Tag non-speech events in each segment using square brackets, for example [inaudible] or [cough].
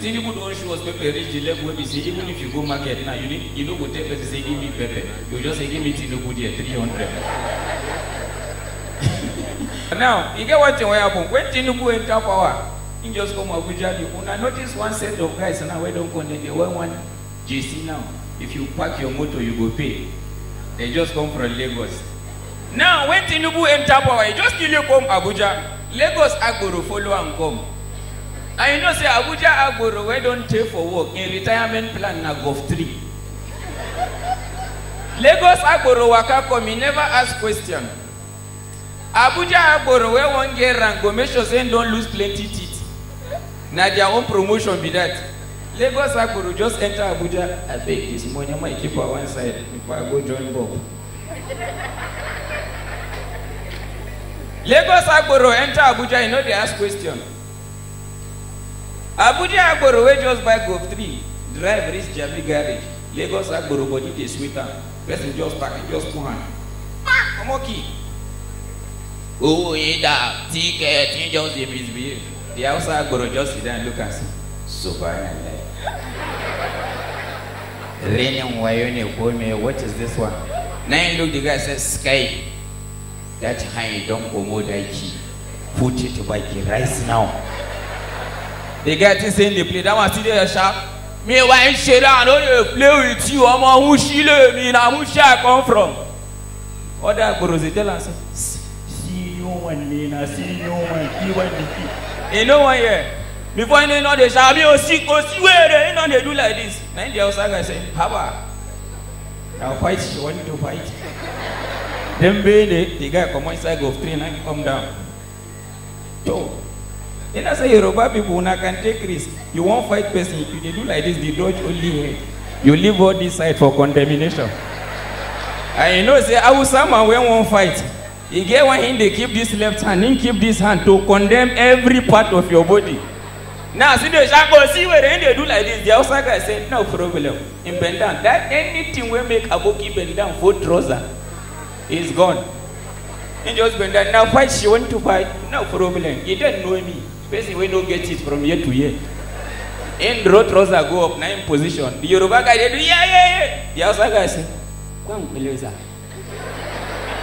tinubu don show us pepper reach the level wey be say even if you go market now you need you no go tell person say give me pepper you just say give me tinubu there three hundred. [laughs] now e get one thing wey happen when tinubu enter power he just come abuja dey una notice one set of guys now wey don come dey dey wear one jc now if you park your motor you go pay they just come from lagos now when tinubu enter power e just delay come abuja lagos agboro follow am come. And you know, say Abuja Agboro, we don't take for work. In retirement plan, na golf three. Lagos Agboro waka come, he never ask question. Abuja Agboro, we won't get rank, go make sure say don't lose plenty teeth. Na their own promotion be that. Lagos Agboro just enter Abuja. I beg this money, my keep on one side before I go join Bob. Lagos Agboro enter Abuja, you know they ask question abuja agboro wey just buy golf three drive reach jabi garage lagos agboro body dey sweet am person just park, am just put hand ah comot key. owó yín dà tíkẹ́ẹ̀tì just dey misbehave the hausa agboro just sit down and look So am say subhanallah raining wayo ne ko me what is this one na look the guy say sky that hand don't comot that key put it back right now they get things in the play that one still dey sharp me when shele i no dey play with you omo who shele me na who shele i come from other gborosi tell am say see you wen me na see you wen he wen be he he no wan hear before he no dey sharp me osi osi were he no dey do like this na him dey outside guy say haba na fight she wan do fight dem be the the guy comot inside go train and come down yo. Then I say, Yoruba people, una can take risk. You won't fight person. If you do like this, they dodge only head. You leave all this side for contamination. I know, say, I will someone when won't fight. You e get one hand, they keep this left hand, then keep this hand to condemn every part of your body. Now, see the shago, see where they do like this. The outside guy said, no problem. In bend down. That anything will make Aboki bend down for trouser is gone. He just bend down. Now, fight, she want to fight. No problem. He don't know me person wey no get it from year to year In draw trouser go up na him position the yoruba guy dey do yeye the hausa guy say kwan peleza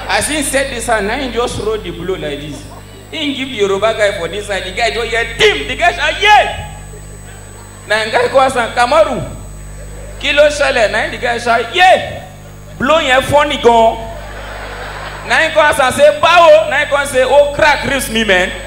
as him set this hand na him just throw the blow like this him give the yoruba guy for this side the guy just hear dim the guy shout yeye na him guy go ask am kamaru kí ló ṣẹlẹ̀ na him the guy shout yeye blow yẹn funny gan na him come ask am say báwo na him come say oh crack ribs me man.